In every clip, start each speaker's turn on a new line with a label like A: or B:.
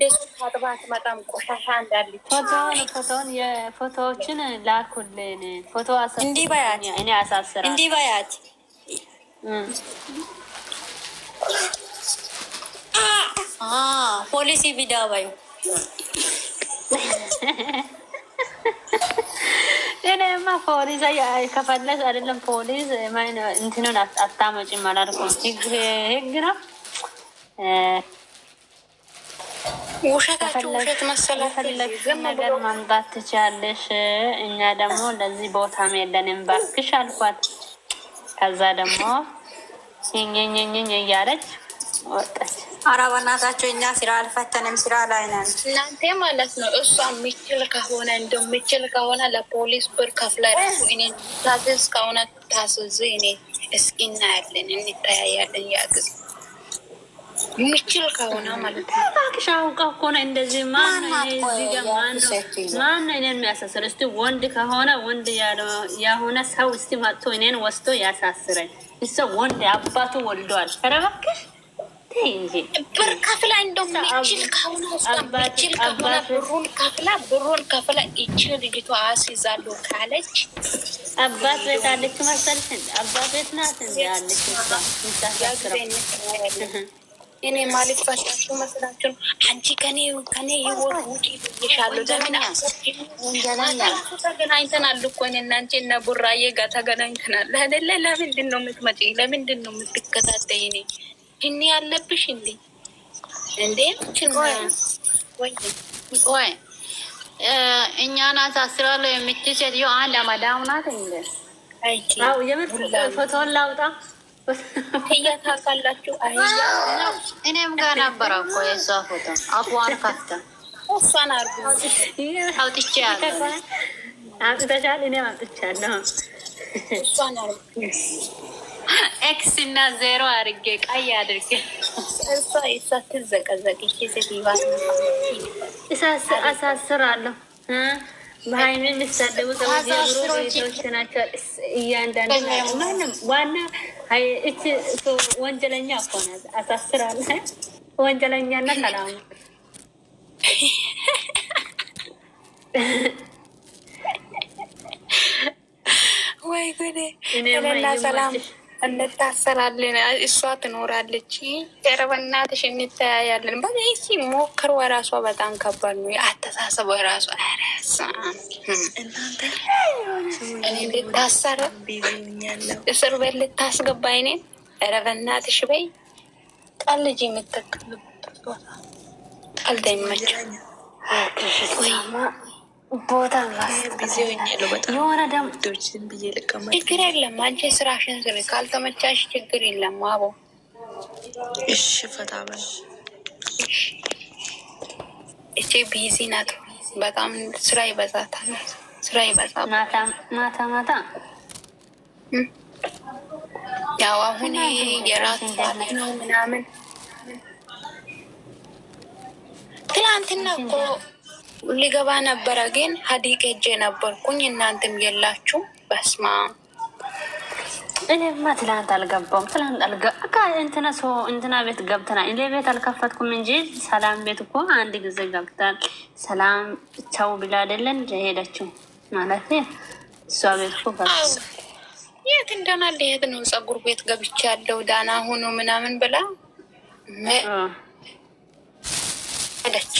A: ቆሻሻ የፎቶዎችን ላኩልን። ፎቶ እንዲህ
B: በያት፣ እንዲህ በያት። ፖሊሲ
A: እኔማ ፖሊስ ከፈለስ አይደለም ፖሊስ እንትኑን አታመጭም አላልኩም። ህግ ነው
B: ውሸታችሁ ውሸት
A: መሰላችሁ። ነገር ማምጣት ትችላለሽ። እኛ ደግሞ ለዚህ ቦታም የለንም ባክሽ አልኳት። ከዛ ደግሞ ኝኝኝኝ እያለች
B: ወጣች። ኧረ በእናታችሁ እኛ ስራ አልፈተንም፣ ስራ ላይ ነን። እናንተ ማለት ነው እሷ የሚችል ከሆነ እንደ የሚችል ከሆነ ለፖሊስ ብር ከፍለ እኔ ታዘዝ ከሆነ ታስዝ እኔ እስኪ እናያለን፣ እንተያያለን ያ ጊዜ ሚችል ከሆነ ማለት
A: ነው። እባክሽ አውቃ እኮ ነው እንደዚህ። ማነው እኔን የሚያሳስር? እስቲ ወንድ ከሆነ ወንድ የሆነ ሰው እስቲ መጥቶ እኔን ወስዶ ያሳስረኝ። እሱ ወንድ አባቱ ወልዷል። ኧረ እባክሽ
B: ብር ከፍላ እንደው የሚችል ከሆነ የሚችል ከሆነ ብሩን ከፍላ ብሩን ከፍላ ይችን ልጅቱ አስይዛለሁ ካለች
A: አባት ቤት አለች መሰልሽ። አባት ቤት ናት እንዲ አለች
B: እኔ ማለት ፈልጋችሁ መስላችሁ ነው። አንቺ ከኔ ከኔ ይወት ውጪ ይሻሉ ለምን ተገናኝተናል እኮ እኔ እና አንቺ እና ቡራዬ ጋር ተገናኝተናል አይደለ? ለምንድን ነው የምትመጪ? ለምንድን ነው የምትከታተይ? እኔ እኔ ያለብሽ እንዴ እንዴ
A: ወይ እኛ ናት አሳስራለሁ የምትችል ሴትዮ አንድ አማዳም ናት እንዴ? አይ የምር ፎቶን ላውጣ
B: ትያታካላችሁ።
A: እኔም ጋር ነበረ እኮ የእሷ ፎቶ አፏን ከፍታ
B: እሷን አርጉ አውጥቼ ያለ
A: አምጥተሻል። እኔም አምጥቻለሁ።
B: እሷን አርጉ ኤክስ እና ዜሮ አድርጌ ቀይ አድርጌ እሷ እሷ ትዘቀዘቅ
A: እሳስራለሁ። በሀይሚን የሚሳደቡ ሰዎች ናቸው። እያንዳንዱ ዋና እች ወንጀለኛ እኮ ናት። አሳስራለሁ ወንጀለኛ እና ሰላም
B: ወይ ጉዴ! እኔና ሰላም እንታሰራለን፣ እሷ ትኖራለች። ኧረ በእናትሽ እንተያያለን። በእኔ ሞክር። ወራሷ በጣም ከባድ ነው ራሷ ረሳ እናንተ እኔ ልታሰረ እስር ቤት ልታስገባ እኔን? ኧረ በእናትሽ በይ። ቀልጅ አይመችም። ችግር የለም። አንቺ ስራሽን ስሪ፣ ካልተመቻሽ ችግር የለም። አቦ
A: እሺ፣ ፈታ በል
B: እቺ ቢዚ ናት በጣም ስራ ይበዛታል። ስራ ይበዛል። ማታ ማታ ያው አሁን የራት ነው ምናምን። ትላንትና እኮ ሊገባ ነበረ፣ ግን ሀዲቅ ሄጄ ነበርኩኝ። እናንተም የላችሁ በስማ
A: እኔማ ትላንት ትላንት እንትና ሰው እንትና ቤት ገብተናል። እኔ ቤት አልከፈትኩም እንጂ ሰላም ቤት እኮ አንድ ጊዜ ገብታል። ሰላም ቻው ብላ አይደለን ሄደችው ማለት እሷ ቤት እኮ
B: የት እንደና የት ነው ጸጉር ቤት ገብቻ ያለው ዳና ሆኖ ምናምን ብላ አለች።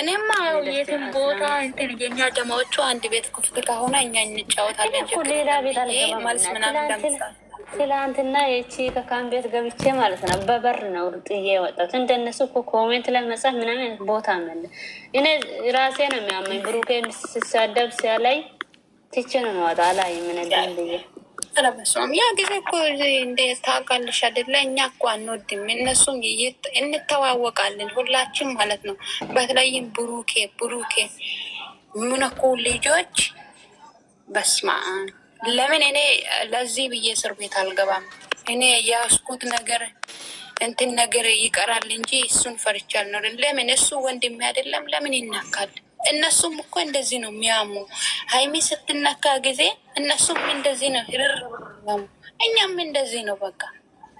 B: እኔማ የትም ቦታ እንትን የኛ ደማዎቹ አንድ ቤት ክፍት ከሆነ እኛ እንጫወታለን።
A: ሌላ ቤት አለ መልስ ምናምን ለምሳል ትላንትና የቺ ከካም ቤት ገብቼ ማለት ነው በበር ነው ጥዬ የወጣት። እንደነሱ እኮ ኮሜንት ላይ መጻፍ ምናምን ቦታ መለ እኔ ራሴ ነው የሚያመኝ። ብሩኬ ሲሳደብ ሲያላይ ትቼ ነው መወጣ ላይ ምንድን ብዬ
B: ረበሷም ያ ጊዜ እኮ እንደ ታውቃለሽ አይደለ? እኛ እኮ አንወድም፣ እነሱም እንተዋወቃለን ሁላችን ማለት ነው። በተለይም ብሩኬ ብሩኬ ምነኩ ልጆች በስማአን ለምን እኔ ለዚህ ብዬ እስር ቤት አልገባም። እኔ የያዝኩት ነገር እንትን ነገር ይቀራል እንጂ እሱን ፈርቻ አልኖርም። ለምን እሱ ወንድሜ አይደለም? ለምን ይናካል? እነሱም እኮ እንደዚህ ነው የሚያሙ። ሀይሚ ስትነካ ጊዜ እነሱም እንደዚህ ነው ርር፣ እኛም እንደዚህ ነው። በቃ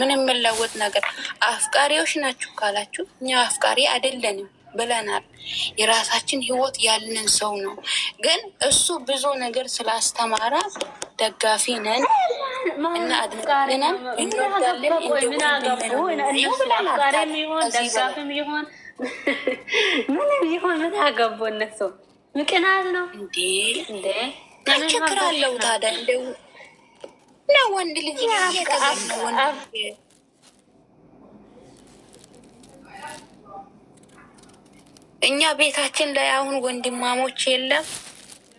B: ምንም የምለወጥ ነገር አፍቃሪዎች ናችሁ ካላችሁ እኛ አፍቃሪ አይደለንም ብለናል። የራሳችን ህይወት ያለን ሰው ነው። ግን እሱ ብዙ ነገር ስላስተማራ ደጋፊ ነን እና አድናቂነን
A: ምንም ይሆን ምን አገቦ እነሱ ምቅናል ነው
B: እንዴ? እንዴ ችግር አለው ታዲያ? እንደው ነው ወንድ ልጅ እኛ ቤታችን ላይ አሁን ወንድማሞች የለም፣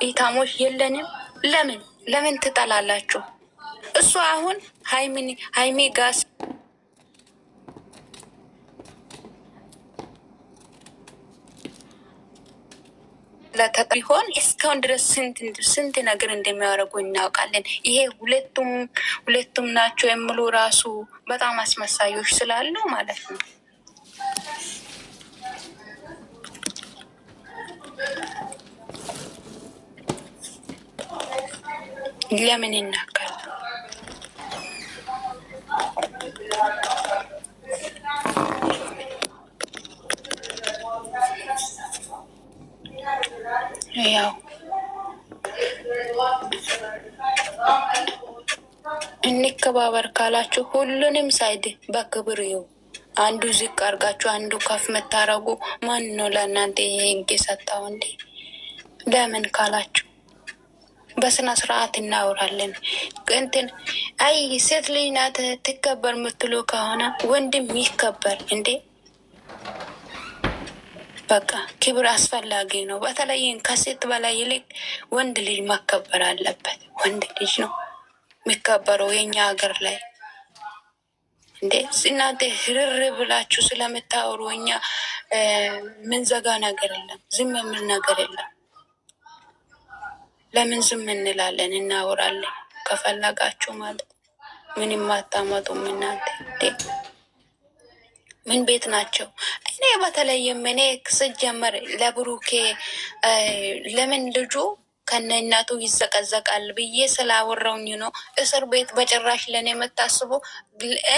B: ቤታሞች የለንም። ለምን ለምን ትጠላላችሁ? እሱ አሁን ሀይሚ ጋስ ቢሆን እስካሁን ድረስ ስንት ነገር እንደሚያደርጉ እናውቃለን። ይሄ ሁለቱም ሁለቱም ናቸው የምሉ ራሱ በጣም አስመሳዮች ስላሉ ማለት ነው። ለምን ይናካል? ያው እንከባበር ካላችሁ ሁሉንም ሳይድ በክብር ይው አንዱ ዝቅ አርጋችሁ አንዱ ከፍ መታረጉ ማን ነው ለእናንተ ይሄ ህግ የሰጠው እንዴ? ለምን ካላችሁ በስነ ስርዓት እናወራለን። እንትን አይ ሴት ልጅ ናት ትከበር ምትሉ ከሆነ ወንድም ይከበር እንዴ። በቃ ክብር አስፈላጊ ነው። በተለይ ከሴት በላይ ይልቅ ወንድ ልጅ መከበር አለበት። ወንድ ልጅ ነው የሚከበረው የኛ ሀገር ላይ እንዴ። እናንተ ህርር ብላችሁ ስለምታወሩ እኛ ምንዘጋ ነገር የለም፣ ዝም የምል ነገር የለም። ለምን ዝም እንላለን? እናወራለን ከፈለጋችሁ ማለት ምንም አታመጡም እናንተ። ምን ቤት ናቸው? እኔ በተለይም እኔ ስጀመር ለብሩኬ ለምን ልጁ ከነ እናቱ ይዘቀዘቃል ብዬ ስላወራውኝ ነው። እስር ቤት በጭራሽ ለእኔ የምታስቡ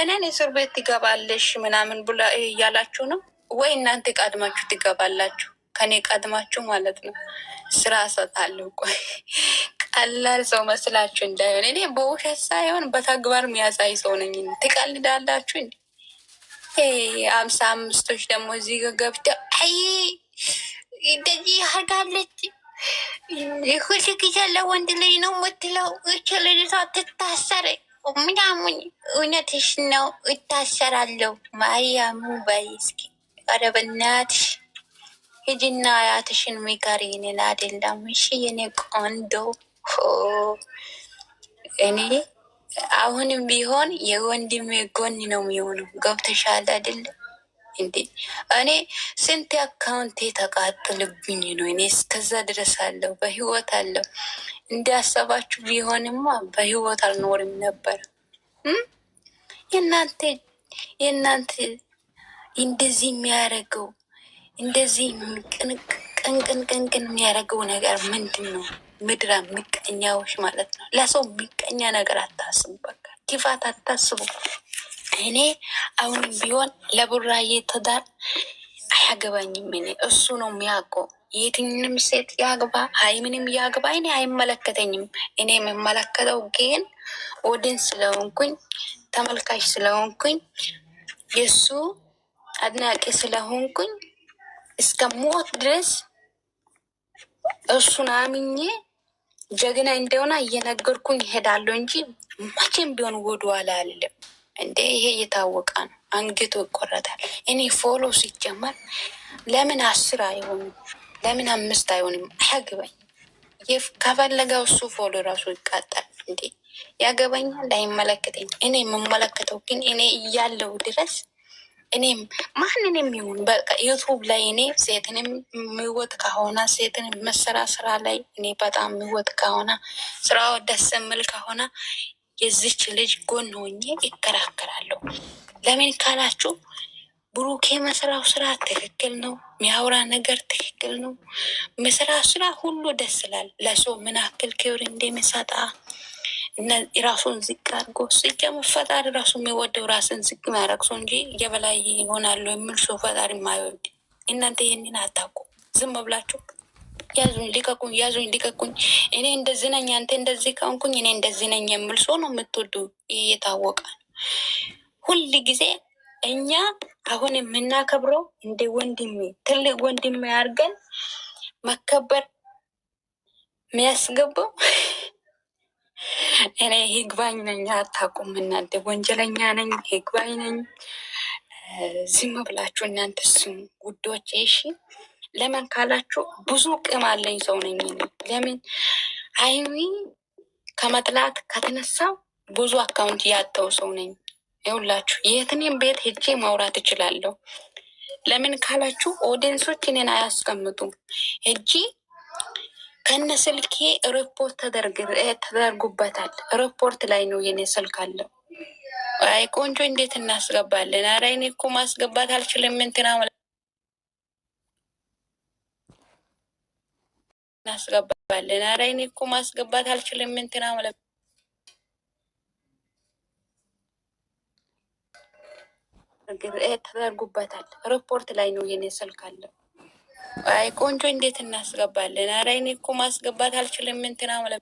B: እኔን እስር ቤት ትገባለሽ ምናምን ብላ እያላችሁ ነው ወይ እናንተ ቀድማችሁ ትገባላችሁ? ከኔ ቀድማችሁ ማለት ነው። ስራ እሰጣለሁ። ቆይ ቀላል ሰው መስላችሁ እንዳይሆን፣ እኔ በውሸት ሳይሆን በተግባር የሚያሳይ ሰው ነኝ። ትቀልዳላችሁ አምሳ አምስቶች ደግሞ እዚህ ገብተው አይ እንደዚህ ያደርጋለች ሁል ጊዜ ለወንድ ልጅ ነው የምትለው እች ልጅቷ ትታሰር ምናምን። እውነትሽ ነው እታሰራለሁ። ማያሙ በይ እስኪ ኧረ ሂጂና አያትሽን ሚጋሪ ኔላ አይደለም። እሺ የኔ ቆንዶ እኔ አሁንም ቢሆን የወንድሜ ጎን ነው የሚሆነው። ገብተሻል አይደል እንዴ? እኔ ስንት አካውንቴ ተቃጥልብኝ ነው። እኔ እስከዛ ድረስ አለው በህይወት አለው። እንዲያሰባችሁ ቢሆንማ በህይወት አልኖርም ነበር። የእናንተ የእናንተ እንደዚህ የሚያደርገው እንደዚህ ቅንቅንቅንቅን የሚያደርገው ነገር ምንድን ነው? ምድረ ምቀኛዎች ማለት ነው። ለሰው ምቀኛ ነገር አታስቡ፣ በቃ ክፋት አታስቡ። እኔ አሁንም ቢሆን ለቡራዬ ትዳር አያገባኝም። እኔ እሱ ነው የሚያውቀው። የትኝንም ሴት ያግባ፣ ሀይምንም ያግባ፣ እኔ አይመለከተኝም። እኔ የምመለከተው ግን ወድን ስለሆንኩኝ ተመልካች ስለሆንኩኝ የእሱ አድናቂ ስለሆንኩኝ እስከ ሞት ድረስ እሱን አምኜ ጀግና እንደሆነ እየነገርኩኝ ይሄዳለሁ እንጂ መቼም ቢሆን ወደኋላ አልልም። እንደ ይሄ እየታወቀ ነው፣ አንገቱ ይቆረጣል። እኔ ፎሎ ሲጀመር ለምን አስር አይሆንም? ለምን አምስት አይሆንም? አያገባኝ። ከፈለገው እሱ ፎሎ ራሱ ይቃጠል። እንዴ ያገባኛል? አይመለከተኝ። እኔ የምመለከተው ግን እኔ እያለው ድረስ እኔም ማንንም ይሁን በቃ ዩቱብ ላይ እኔ ሴትንም የሚወጥ ከሆነ ሴትን መሰራ ስራ ላይ እኔ በጣም የሚወጥ ከሆነ ስራው ደስ የምል ከሆነ የዚች ልጅ ጎን ሆኜ ይከራከራለሁ። ለምን ካላችሁ ብሩኬ መስራው ስራ ትክክል ነው። የሚያወራ ነገር ትክክል ነው። መስራ ስራ ሁሉ ደስ ይላል። ለሰው ምን አክል ክብር እንደሚሰጣ ራሱን ዝቅ አድርጎ ስቅ መፈጣሪ ራሱ የሚወደው ራስን ዝቅ የሚያደርግ ሰው እንጂ የበላይ ይሆናሉ የሚል ሰው ፈጣሪ ማይወድ። እናንተ ይህንን አታውቁ። ዝም ብላችሁ ያዙኝ ልቀቁኝ፣ ያዙኝ ልቀቁኝ፣ እኔ እንደዚህ ነኝ፣ አንተ እንደዚህ ከሆንኩኝ እኔ እንደዚህ ነኝ የሚል ሰው ነው የምትወዱ። ይህ የታወቀ ሁል ጊዜ እኛ አሁን የምናከብረው እንደ ወንድሜ ትልቅ ወንድሜ አድርገን መከበር የሚያስገባው እኔ ህግባኝ ነኝ። አታውቁም እናንተ ወንጀለኛ ነኝ፣ ህግባኝ ነኝ። ዝም ብላችሁ እናንተ ስሙ ጉዶች። እሺ ለምን ካላችሁ ብዙ ቅም አለኝ ሰው ነኝ። ለምን ሀይሚ ከመጥላት ከተነሳው ብዙ አካውንት ያተው ሰው ነኝ። ይውላችሁ የትኔም ቤት ሄጄ ማውራት እችላለሁ። ለምን ካላችሁ ኦዲንሶች እኔን አያስቀምጡም ሄጂ ከነ ስልኬ ሪፖርት ተደርጉበታል። ሪፖርት ላይ ነው የኔ ስልክ አለው። አይ ቆንጆ እንዴት እናስገባለን? ኧረ እኔ እኮ ማስገባት አልችልም። እንትና እናስገባለን። ኧረ እኔ እኮ ማስገባት አልችልም። እንትና ማለት ተደርጉበታል። ሪፖርት ላይ ነው የኔ ስልክ አለው። አይ ቆንጆ እንዴት እናስገባለን? ኧረ እኔ እኮ ማስገባት አልችልም እንትና